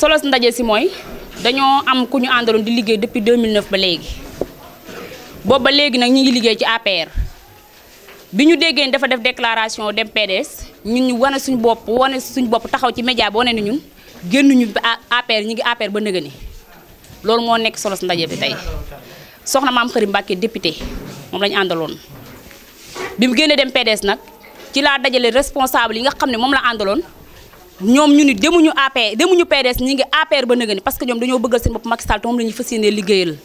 solo ndaje si moy daño am kuñu andalon di liggéey depuis 2009 ba légui bo ba léegi nag ñu ngi liggéey ci APR biñu déggé dafa def déclaration dem PDS ñun ñu wone suñu bop wone suñu bop taxaw ci média bo néñu ñun gennu ñu APR ñi ngi APR ba neugani lool mo nek solo ndaje bi tay soxna mam Xëri mbacké député mom lañ andalon bimu dem PDS nak, ci la dajalé responsable yi nga xamné ne la andalon ñoom ñu ni demuñu AP demuñu PDS ñi ngi APR ba nëgëni parce que ñoom dañoo bëggal seen bopp Macky Sall te moom la ñuy fas liggéeyal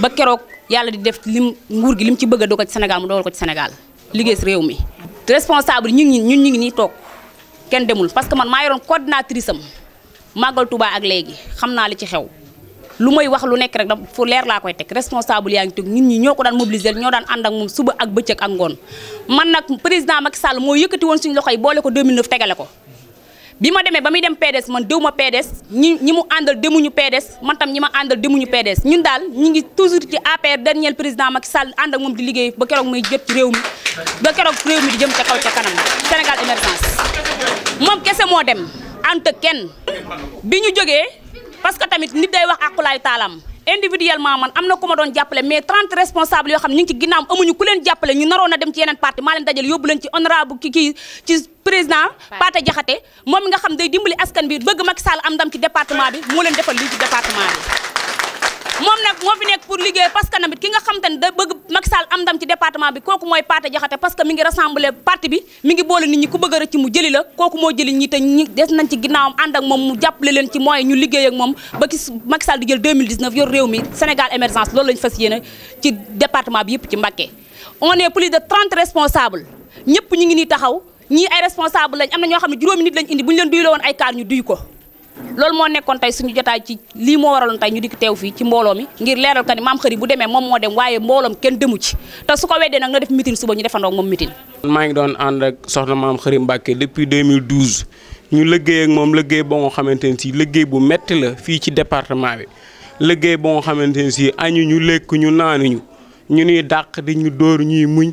ba keroog yàlla di def lim nguur gi lim ci bëgg a dogal ci Sénégal mu dogal ko ci Sénégal liggéey réew mi. responsable ñu ngi ñun ñu ngi nii toog kenn demul parce que man maa yoroon coordinatrice am màggal Touba ak léegi xam naa li ci xew lu may nekk rek dafa fu leer laa koy teg responsable yaa ngi toog ñi ñoo ko daan mobiliser ñoo daan ànd ak moom suba ak bëccëg ak ngoon man nag président Macky Sall moo yëkkati woon suñu loxo yi boole ko 2009 tegale ko bi ma demee ba muy dem PDS man déw ma PDS ñi ñi mu àndal demuñu pedes man tam ñi ma àndal demuñu pedes ñun daal ñu ngi toujours ci APR dernier président Macky Sall ànd ak moom di liggéey ba keroog muy jot ci réew mi ba keroog réew mi di jëm ca kaw ca kanam Sénégal émergence moom kese moo dem ànd kenn bi ñu jógee parce que tamit nit day wax àqulaay taalam individuellement man am na ku doon jàppale mais 30 responsables yoo xam ñu ngi ginnaaw amuñu ku leen jàppale ñu naroon a dem ci yeneen parti maa leen dajal yóbbu leen ci honorable ki kii ci président Pata Jaxate moom nga xam day dimbali askan bi bëgg Macky am ndam ci département bi moo leen defal lii ci département bi moom nag moo fi nekk pour liggéey parce namit ki nga xam te bëgg Macky Sall am ndam ci département bi kooku mooy Pathé Diakhaté parce que mi ngi rassemblé parti bi mi ngi boole nit ñi ku bëgg a rëcc mu jëli la kooku moo jëli ñi te ñi des nañ ci ginnaawam ànd ak moom mu jàppale leen ci moyens ñu liggéey ak moom ba gis Macky Sall di jël 2019 yor réew mi Sénégal émergence loolu lañ fas yéene ci département bi yëpp ci Mbacké on plus de 30 responsables ñëpp ñu ngi nii taxaw ñii ay responsable lañ am na ñoo xam ne juróomi nit lañ indi bu ñu leen duy la ko loolu moo nekkoon tey suñu jotaay ci lii moo waraloon tey ñu dikk teew fii ci mbooloo mi ngir leeral ka ni maam xëri bu demee moom moo dem waaye mbooloom kenn demu ci te su ko weddee nag na def mitin suba ñu defandoo moom mitin maa ngi doon ànd ak soxna maam xëri Mbàkke depuis ñu liggéey ak moom liggéey boo nga xamante ne si liggéey bu metti la fii ci département bi liggéey boo nga xamante ne si añu ñu lekk ñu naanuñu ñu ñuy dàq di ñu dóor ñuy muñ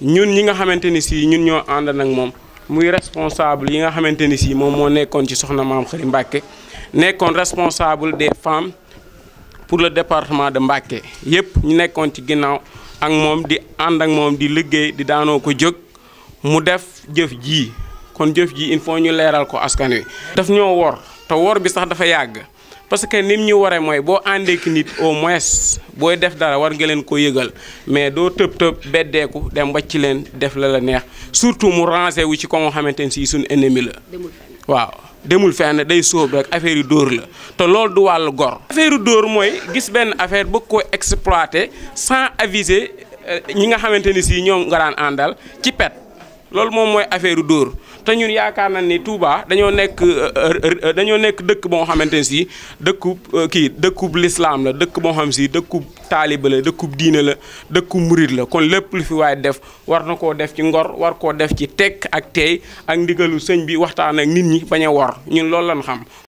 ñun ñi nga xamante ni sii ñun ñoo ànd nag moom muy responsable yi nga xamante ni sii moom moo nekkoon ci soxna maam Xari Mbàkke nekkoon responsable des femmes pour le département de Mbàkke yëpp ñu nekkoon ci ginnaaw ak moom di ànd ak moom di liggéey di daanoo ko jóg mu def jëf ji kon jëf ji il faut ñu leeral ko askan wi. daf ñoo wor te wor bi sax dafa yàgg. parce que nim ñu waree mooy boo àndeek nit au moins booy def dara war nga leen ko yëgal mais doo tëb tëb beddeeku dem ba ci leen def la la neex surtout mu ranger wu ci ko nga xamante ne si suñu ennemi la. waaw demul fenn day sóob rek affaire yu dóor la te lool du wàllu gor. affaire dóor mooy gis benn affaire bëgg ko exploité sans aviser euh, ñi nga xamante ni si ñoom nga daan àndal ci pet. loolu moom mooy affaire dóor te ñun yaakaar nañ ni Touba dañoo nekk euh, dañoo nekk dëkk boo xamante ne si dëkkub euh, kii dëkkub lislaam la dëkk boo xam si dëkkub taaliba la dëkkub diine la dëkkub murit la kon lépp lu fi waaye def war na koo def ci ngor war koo def ci tekk ak teey ak ndigalu sëñ bi waxtaan ak nit ñi bañ a war ñun loolu lañ xam.